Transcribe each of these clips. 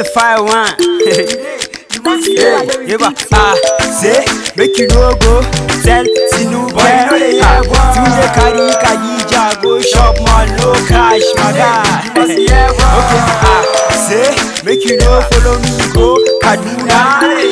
a one. yeah, yeah, ah, say, make you no go sell sinu bell. Do the carry kayija go shop my low cash, my guy. Okay, ah, say, make you no follow me go Kaduna.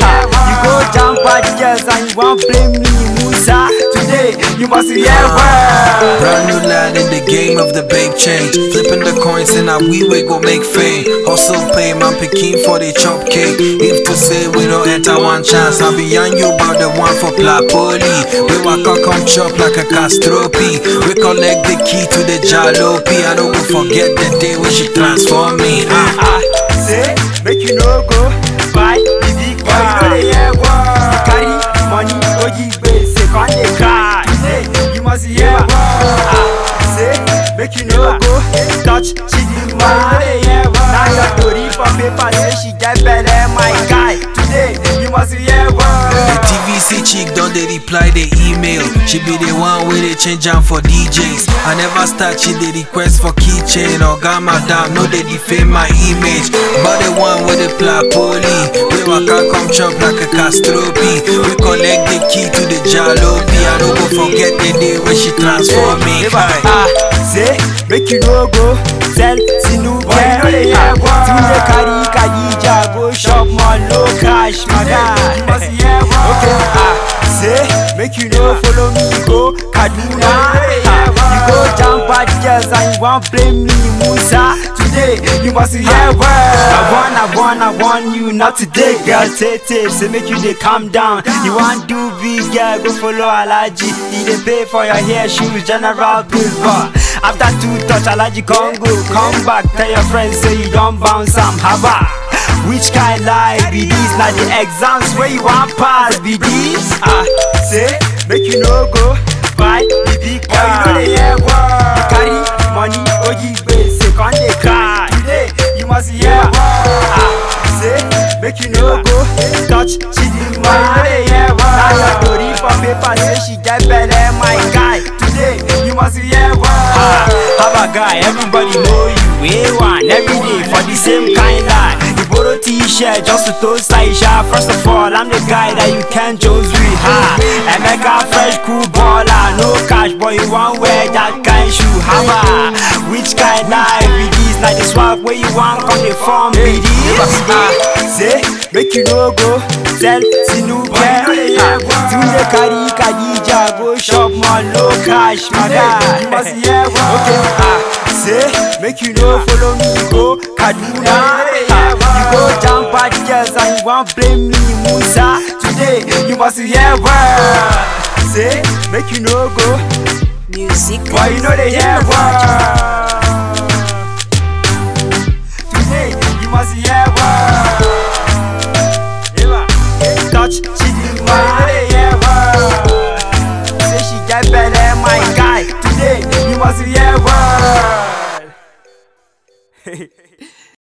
Ah, you go jump at girls and you want blame me Musa. day, you must see everywhere. Brand new land in the game of the big change. Flipping the coins and now we will go make fame. Hustle play, man, picking for the chop cake. If to say we don't enter one chance, I'll be on you, but the one for Plapoli. We walk on come chop like a castropi. We collect the key to the jalopy. I don't forget the day when she transformed me. Ah, ah. Say, make you no go. The TVC chick don't they reply the email. She be the one wey dey change am for DJs. I never start, she dey request for keychain. Oga madam no they defame my image. But the one wey dey play we walk out come chop like a castropi. We collect the key to the jalopy. I no go forget the day when she transform me. Ah, say make you no go sell Tinubu. won't blame me musa today you must hear ah. well i want, i want, i want you not today girl tey tey say make you dey calm down you want do big girl go follow Alaji. He dey pay for your hair shoes general bill after two touch alhaji come go come back tell your friends say you don't bounce am haba. Which kind lie be this? Na the exams where you want pass be this? Ah, say make you no go buy the big car. touch, she's the money, yeah, wow. Now to read from paper, say she get better, my guy. Today, you must be wow. Ah, have a guy, everybody know you, A1, every day for the same kind life. You borrow t-shirt just to toast Aisha. First of all, I'm the guy that you can Jones with, ha. And make a fresh cool baller, no cash, boy, you want wear that kind shoe, hammer. Which kind life it is, like the swag where you want, come they form me. make you no go sell sinu sinuke tunde carry kajija go shop mall no cash my guy you must hear what okay ah say make you no follow me go kaduna you go jam bad girls and you wan blame me musa today you must hear what say make you no go music you no dey hear what. my guy. Today, you must hear word.